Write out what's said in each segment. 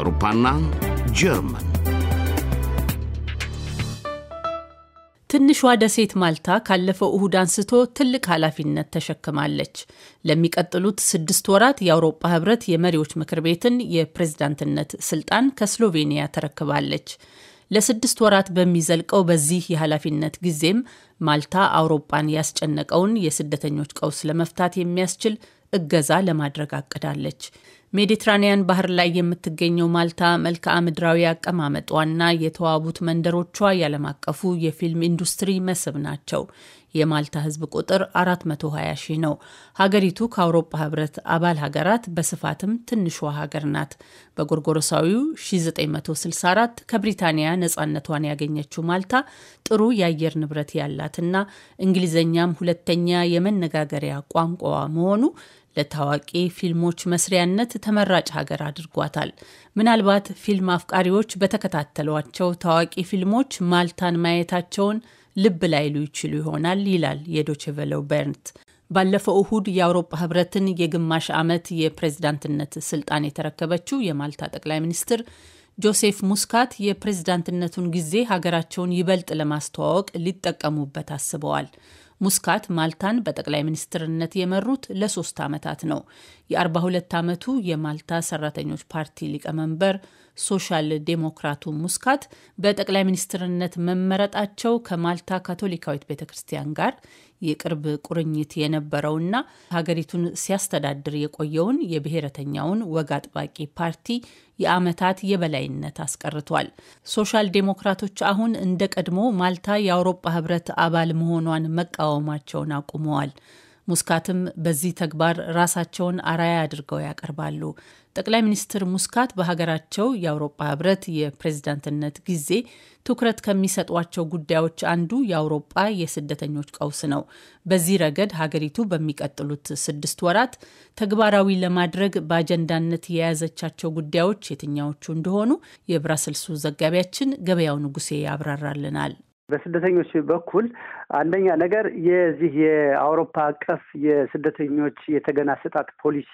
አውሮፓና ጀርመን ትንሿ ደሴት ማልታ ካለፈው እሁድ አንስቶ ትልቅ ኃላፊነት ተሸክማለች። ለሚቀጥሉት ስድስት ወራት የአውሮፓ ህብረት የመሪዎች ምክር ቤትን የፕሬዝዳንትነት ስልጣን ከስሎቬኒያ ተረክባለች። ለስድስት ወራት በሚዘልቀው በዚህ የኃላፊነት ጊዜም ማልታ አውሮፓን ያስጨነቀውን የስደተኞች ቀውስ ለመፍታት የሚያስችል እገዛ ለማድረግ አቅዳለች። ሜዲትራኒያን ባህር ላይ የምትገኘው ማልታ መልክዓ ምድራዊ አቀማመጧና የተዋቡት መንደሮቿ ያለም አቀፉ የፊልም ኢንዱስትሪ መስህብ ናቸው። የማልታ ህዝብ ቁጥር 420 ሺህ ነው። ሀገሪቱ ከአውሮፓ ህብረት አባል ሀገራት በስፋትም ትንሿ ሀገር ናት። በጎርጎሮሳዊው 1964 ከብሪታንያ ነፃነቷን ያገኘችው ማልታ ጥሩ የአየር ንብረት ያላትና እንግሊዘኛም ሁለተኛ የመነጋገሪያ ቋንቋዋ መሆኑ ለታዋቂ ፊልሞች መስሪያነት ተመራጭ ሀገር አድርጓታል። ምናልባት ፊልም አፍቃሪዎች በተከታተሏቸው ታዋቂ ፊልሞች ማልታን ማየታቸውን ልብ ላይሉ ይችሉ ይሆናል ይላል የዶችቨለው በርንት። ባለፈው እሁድ የአውሮፓ ህብረትን የግማሽ ዓመት የፕሬዝዳንትነት ስልጣን የተረከበችው የማልታ ጠቅላይ ሚኒስትር ጆሴፍ ሙስካት የፕሬዝዳንትነቱን ጊዜ ሀገራቸውን ይበልጥ ለማስተዋወቅ ሊጠቀሙበት አስበዋል። ሙስካት ማልታን በጠቅላይ ሚኒስትርነት የመሩት ለሶስት ዓመታት ነው። የ42 ዓመቱ የማልታ ሰራተኞች ፓርቲ ሊቀመንበር ሶሻል ዴሞክራቱ ሙስካት በጠቅላይ ሚኒስትርነት መመረጣቸው ከማልታ ካቶሊካዊት ቤተ ክርስቲያን ጋር የቅርብ ቁርኝት የነበረውና ሀገሪቱን ሲያስተዳድር የቆየውን የብሔረተኛውን ወግ አጥባቂ ፓርቲ የአመታት የበላይነት አስቀርቷል። ሶሻል ዴሞክራቶች አሁን እንደ ቀድሞ ማልታ የአውሮፓ ህብረት አባል መሆኗን መቃወማቸውን አቁመዋል። ሙስካትም በዚህ ተግባር ራሳቸውን አራያ አድርገው ያቀርባሉ። ጠቅላይ ሚኒስትር ሙስካት በሀገራቸው የአውሮፓ ህብረት የፕሬዝዳንትነት ጊዜ ትኩረት ከሚሰጧቸው ጉዳዮች አንዱ የአውሮፓ የስደተኞች ቀውስ ነው። በዚህ ረገድ ሀገሪቱ በሚቀጥሉት ስድስት ወራት ተግባራዊ ለማድረግ በአጀንዳነት የያዘቻቸው ጉዳዮች የትኛዎቹ እንደሆኑ የብራስልሱ ዘጋቢያችን ገበያው ንጉሴ ያብራራልናል። በስደተኞች በኩል አንደኛ ነገር የዚህ የአውሮፓ አቀፍ የስደተኞች የተገና ስጣት ፖሊሲ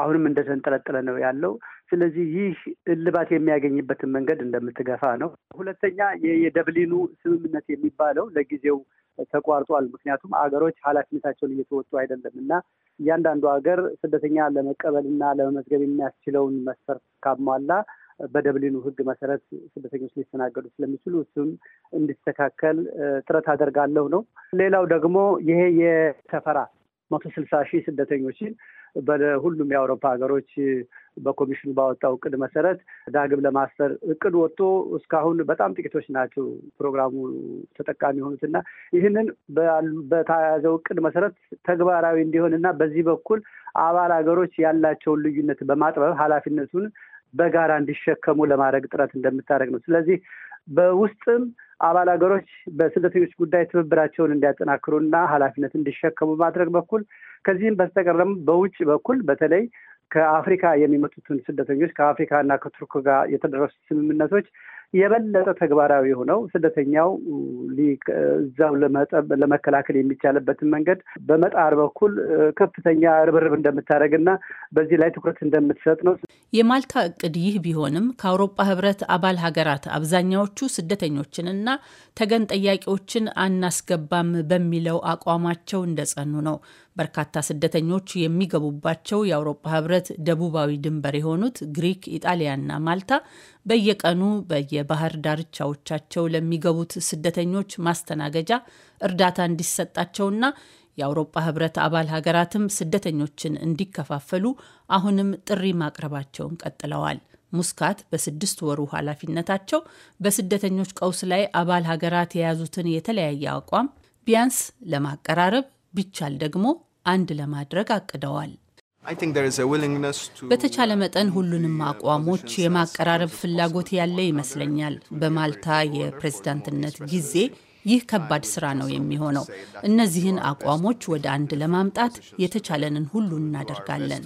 አሁንም እንደተንጠለጠለ ነው ያለው። ስለዚህ ይህ እልባት የሚያገኝበትን መንገድ እንደምትገፋ ነው። ሁለተኛ የደብሊኑ ስምምነት የሚባለው ለጊዜው ተቋርጧል። ምክንያቱም አገሮች ኃላፊነታቸውን እየተወጡ አይደለም እና እያንዳንዱ ሀገር ስደተኛ ለመቀበልና ለመመዝገብ የሚያስችለውን መስፈርት ካሟላ በደብሊኑ ህግ መሰረት ስደተኞች ሊስተናገዱ ስለሚችሉ እሱም እንዲስተካከል ጥረት አደርጋለሁ ነው። ሌላው ደግሞ ይሄ የሰፈራ መቶ ስልሳ ሺህ ስደተኞችን በሁሉም የአውሮፓ ሀገሮች በኮሚሽኑ ባወጣው እቅድ መሰረት ዳግም ለማስፈር እቅድ ወጥቶ እስካሁን በጣም ጥቂቶች ናቸው ፕሮግራሙ ተጠቃሚ የሆኑትና ይህንን በተያያዘው እቅድ መሰረት ተግባራዊ እንዲሆን እና በዚህ በኩል አባል ሀገሮች ያላቸውን ልዩነት በማጥበብ ኃላፊነቱን በጋራ እንዲሸከሙ ለማድረግ ጥረት እንደምታደርግ ነው። ስለዚህ በውስጥም አባል ሀገሮች በስደተኞች ጉዳይ ትብብራቸውን እንዲያጠናክሩና ኃላፊነት እንዲሸከሙ ማድረግ በኩል ከዚህም በስተቀር ደግሞ በውጭ በኩል በተለይ ከአፍሪካ የሚመጡትን ስደተኞች ከአፍሪካ እና ከቱርክ ጋር የተደረሱ ስምምነቶች የበለጠ ተግባራዊ የሆነው ስደተኛው እዛው ለመከላከል የሚቻልበትን መንገድ በመጣር በኩል ከፍተኛ ርብርብ እንደምታደርግና በዚህ ላይ ትኩረት እንደምትሰጥ ነው። የማልታ እቅድ ይህ ቢሆንም ከአውሮፓ ህብረት አባል ሀገራት አብዛኛዎቹ ስደተኞችንና ተገን ጠያቂዎችን አናስገባም በሚለው አቋማቸው እንደጸኑ ነው። በርካታ ስደተኞች የሚገቡባቸው የአውሮፓ ህብረት ደቡባዊ ድንበር የሆኑት ግሪክ፣ ኢጣሊያና ማልታ በየቀኑ በየባህር ዳርቻዎቻቸው ለሚገቡት ስደተኞች ማስተናገጃ እርዳታ እንዲሰጣቸውና የአውሮፓ ህብረት አባል ሀገራትም ስደተኞችን እንዲከፋፈሉ አሁንም ጥሪ ማቅረባቸውን ቀጥለዋል። ሙስካት በስድስት ወሩ ኃላፊነታቸው በስደተኞች ቀውስ ላይ አባል ሀገራት የያዙትን የተለያየ አቋም ቢያንስ ለማቀራረብ ቢቻል ደግሞ አንድ ለማድረግ አቅደዋል። በተቻለ መጠን ሁሉንም አቋሞች የማቀራረብ ፍላጎት ያለ ይመስለኛል። በማልታ የፕሬዝዳንትነት ጊዜ ይህ ከባድ ስራ ነው የሚሆነው። እነዚህን አቋሞች ወደ አንድ ለማምጣት የተቻለንን ሁሉ እናደርጋለን።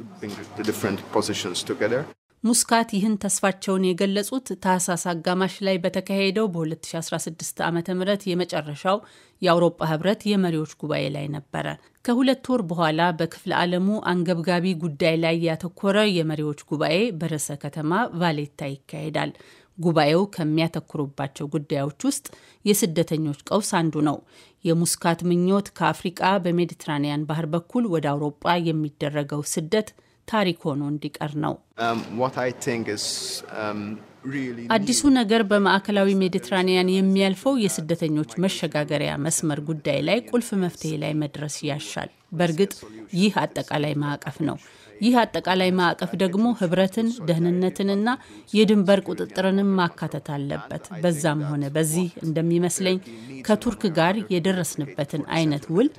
ሙስካት ይህን ተስፋቸውን የገለጹት ታህሳስ አጋማሽ ላይ በተካሄደው በ2016 ዓ ም የመጨረሻው የአውሮፓ ህብረት የመሪዎች ጉባኤ ላይ ነበረ። ከሁለት ወር በኋላ በክፍለ ዓለሙ አንገብጋቢ ጉዳይ ላይ ያተኮረ የመሪዎች ጉባኤ በርዕሰ ከተማ ቫሌታ ይካሄዳል። ጉባኤው ከሚያተኩሩባቸው ጉዳዮች ውስጥ የስደተኞች ቀውስ አንዱ ነው። የሙስካት ምኞት ከአፍሪቃ በሜዲትራኒያን ባህር በኩል ወደ አውሮጳ የሚደረገው ስደት ታሪክ ሆኖ እንዲቀር ነው። um, um, አዲሱ ነገር በማዕከላዊ ሜዲትራኒያን የሚያልፈው የስደተኞች መሸጋገሪያ መስመር ጉዳይ ላይ ቁልፍ መፍትሄ ላይ መድረስ ያሻል። በእርግጥ ይህ አጠቃላይ ማዕቀፍ ነው። ይህ አጠቃላይ ማዕቀፍ ደግሞ ህብረትን፣ ደህንነትንና የድንበር ቁጥጥርንም ማካተት አለበት። በዛም ሆነ በዚህ እንደሚመስለኝ ከቱርክ ጋር የደረስንበትን አይነት ውል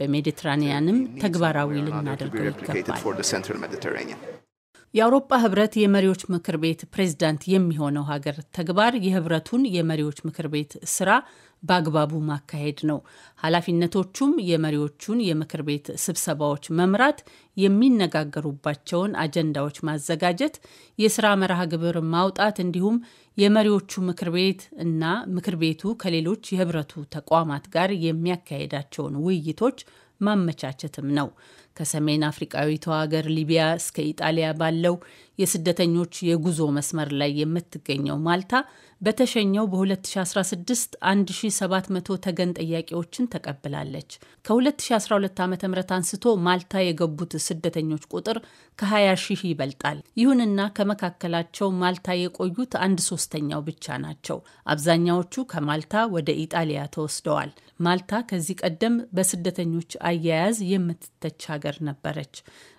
በሜዲትራኒያንም ተግባራዊ ልናደርገው ይገባል። የአውሮፓ ህብረት የመሪዎች ምክር ቤት ፕሬዝዳንት የሚሆነው ሀገር ተግባር የህብረቱን የመሪዎች ምክር ቤት ስራ በአግባቡ ማካሄድ ነው። ኃላፊነቶቹም የመሪዎቹን የምክር ቤት ስብሰባዎች መምራት፣ የሚነጋገሩባቸውን አጀንዳዎች ማዘጋጀት፣ የስራ መርሃ ግብር ማውጣት እንዲሁም የመሪዎቹ ምክር ቤት እና ምክር ቤቱ ከሌሎች የህብረቱ ተቋማት ጋር የሚያካሄዳቸውን ውይይቶች ማመቻቸትም ነው። ከሰሜን አፍሪቃዊቷ ሀገር ሊቢያ እስከ ኢጣሊያ ባለው የስደተኞች የጉዞ መስመር ላይ የምትገኘው ማልታ በተሸኘው በ2016 1700 ተገን ጠያቂዎችን ተቀብላለች። ከ2012 ዓ ም አንስቶ ማልታ የገቡት ስደተኞች ቁጥር ከ20 ሺህ ይበልጣል። ይሁንና ከመካከላቸው ማልታ የቆዩት አንድ ሶስተኛው ብቻ ናቸው። አብዛኛዎቹ ከማልታ ወደ ኢጣሊያ ተወስደዋል። ማልታ ከዚህ ቀደም በስደተኞች አያያዝ የምትተች ሀገር ሀገር ነበረች።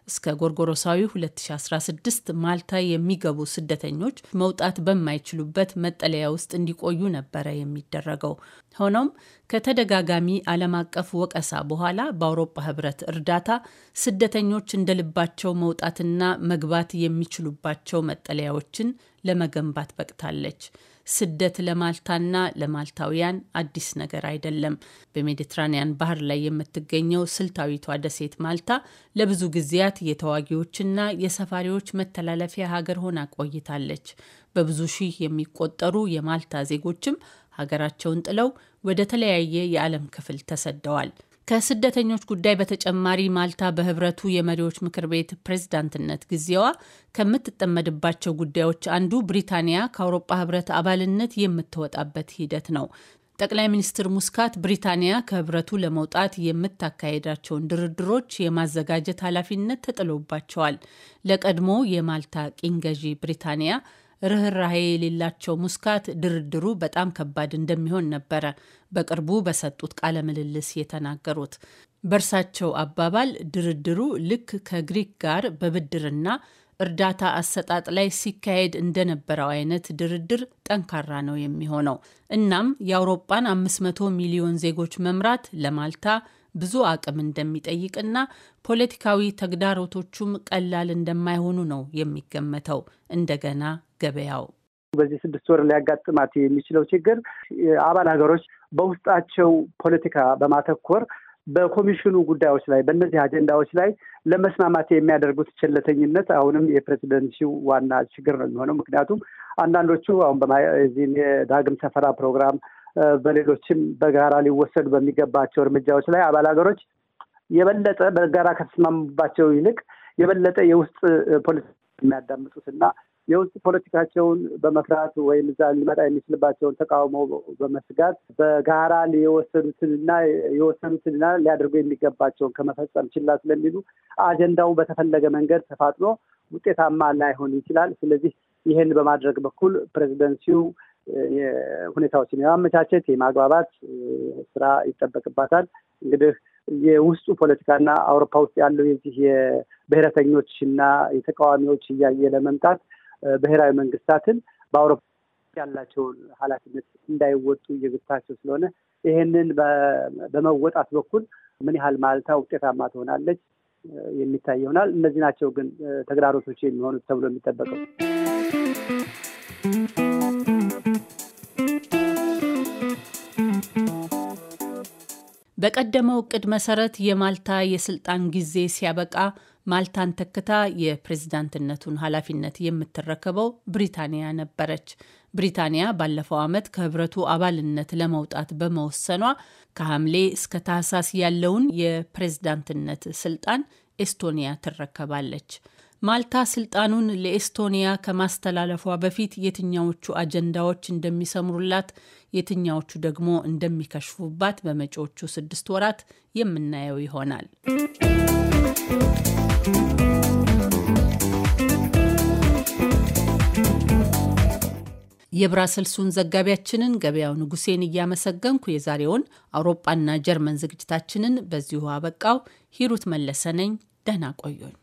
እስከ ጎርጎሮሳዊ 2016 ማልታ የሚገቡ ስደተኞች መውጣት በማይችሉበት መጠለያ ውስጥ እንዲቆዩ ነበረ የሚደረገው። ሆኖም ከተደጋጋሚ ዓለም አቀፍ ወቀሳ በኋላ በአውሮፓ ሕብረት እርዳታ ስደተኞች እንደ ልባቸው መውጣትና መግባት የሚችሉባቸው መጠለያዎችን ለመገንባት በቅታለች። ስደት ለማልታና ለማልታውያን አዲስ ነገር አይደለም። በሜዲትራኒያን ባህር ላይ የምትገኘው ስልታዊቷ ደሴት ማልታ ለብዙ ጊዜያት የተዋጊዎችና የሰፋሪዎች መተላለፊያ ሀገር ሆና ቆይታለች። በብዙ ሺህ የሚቆጠሩ የማልታ ዜጎችም ሀገራቸውን ጥለው ወደ ተለያየ የዓለም ክፍል ተሰደዋል። ከስደተኞች ጉዳይ በተጨማሪ ማልታ በህብረቱ የመሪዎች ምክር ቤት ፕሬዝዳንትነት ጊዜዋ ከምትጠመድባቸው ጉዳዮች አንዱ ብሪታንያ ከአውሮጳ ህብረት አባልነት የምትወጣበት ሂደት ነው። ጠቅላይ ሚኒስትር ሙስካት ብሪታንያ ከህብረቱ ለመውጣት የምታካሄዳቸውን ድርድሮች የማዘጋጀት ኃላፊነት ተጥሎባቸዋል። ለቀድሞ የማልታ ቅኝ ገዢ ብሪታንያ ርኅራሄ የሌላቸው ሙስካት ድርድሩ በጣም ከባድ እንደሚሆን ነበረ በቅርቡ በሰጡት ቃለ ምልልስ የተናገሩት። በእርሳቸው አባባል ድርድሩ ልክ ከግሪክ ጋር በብድርና እርዳታ አሰጣጥ ላይ ሲካሄድ እንደነበረው አይነት ድርድር ጠንካራ ነው የሚሆነው። እናም የአውሮጳን 500 ሚሊዮን ዜጎች መምራት ለማልታ ብዙ አቅም እንደሚጠይቅና ፖለቲካዊ ተግዳሮቶቹም ቀላል እንደማይሆኑ ነው የሚገመተው። እንደገና ገበያው። በዚህ ስድስት ወር ሊያጋጥማት የሚችለው ችግር አባል ሀገሮች በውስጣቸው ፖለቲካ በማተኮር በኮሚሽኑ ጉዳዮች ላይ በእነዚህ አጀንዳዎች ላይ ለመስማማት የሚያደርጉት ቸለተኝነት አሁንም የፕሬዚደንሲው ዋና ችግር ነው የሚሆነው። ምክንያቱም አንዳንዶቹ አሁን በዚህ የዳግም ሰፈራ ፕሮግራም፣ በሌሎችም በጋራ ሊወሰዱ በሚገባቸው እርምጃዎች ላይ አባል ሀገሮች የበለጠ በጋራ ከተስማሙባቸው ይልቅ የበለጠ የውስጥ ፖለቲካ የሚያዳምጡት እና የውስጥ ፖለቲካቸውን በመፍራት ወይም እዛ ሊመጣ የሚችልባቸውን ተቃውሞ በመስጋት በጋራ የወሰዱትንና የወሰኑትንና ሊያደርጉ የሚገባቸውን ከመፈጸም ችላ ስለሚሉ አጀንዳው በተፈለገ መንገድ ተፋጥኖ ውጤታማ ላይሆን ይችላል። ስለዚህ ይህን በማድረግ በኩል ፕሬዚደንሲው ሁኔታዎችን የማመቻቸት የማግባባት ስራ ይጠበቅባታል። እንግዲህ የውስጡ ፖለቲካና አውሮፓ ውስጥ ያለው የዚህ የብሔረተኞችና የተቃዋሚዎች እያየ ለመምጣት ብሔራዊ መንግስታትን በአውሮፓ ያላቸውን ኃላፊነት እንዳይወጡ እየገፋቸው ስለሆነ ይሄንን በመወጣት በኩል ምን ያህል ማልታ ውጤታማ ትሆናለች የሚታይ ይሆናል። እነዚህ ናቸው ግን ተግዳሮቶች የሚሆኑት ተብሎ የሚጠበቀው። በቀደመው እቅድ መሰረት የማልታ የስልጣን ጊዜ ሲያበቃ ማልታን ተክታ የፕሬዝዳንትነቱን ኃላፊነት የምትረከበው ብሪታንያ ነበረች። ብሪታንያ ባለፈው ዓመት ከህብረቱ አባልነት ለመውጣት በመወሰኗ ከሐምሌ እስከ ታህሳስ ያለውን የፕሬዝዳንትነት ስልጣን ኤስቶኒያ ትረከባለች። ማልታ ስልጣኑን ለኤስቶኒያ ከማስተላለፏ በፊት የትኛዎቹ አጀንዳዎች እንደሚሰምሩላት፣ የትኛዎቹ ደግሞ እንደሚከሽፉባት በመጪዎቹ ስድስት ወራት የምናየው ይሆናል። የብራሰልሱን ዘጋቢያችንን ገበያው ንጉሴን እያመሰገንኩ የዛሬውን አውሮፓና ጀርመን ዝግጅታችንን በዚሁ አበቃው። ሂሩት መለሰ ነኝ። ደህና ቆዩኝ።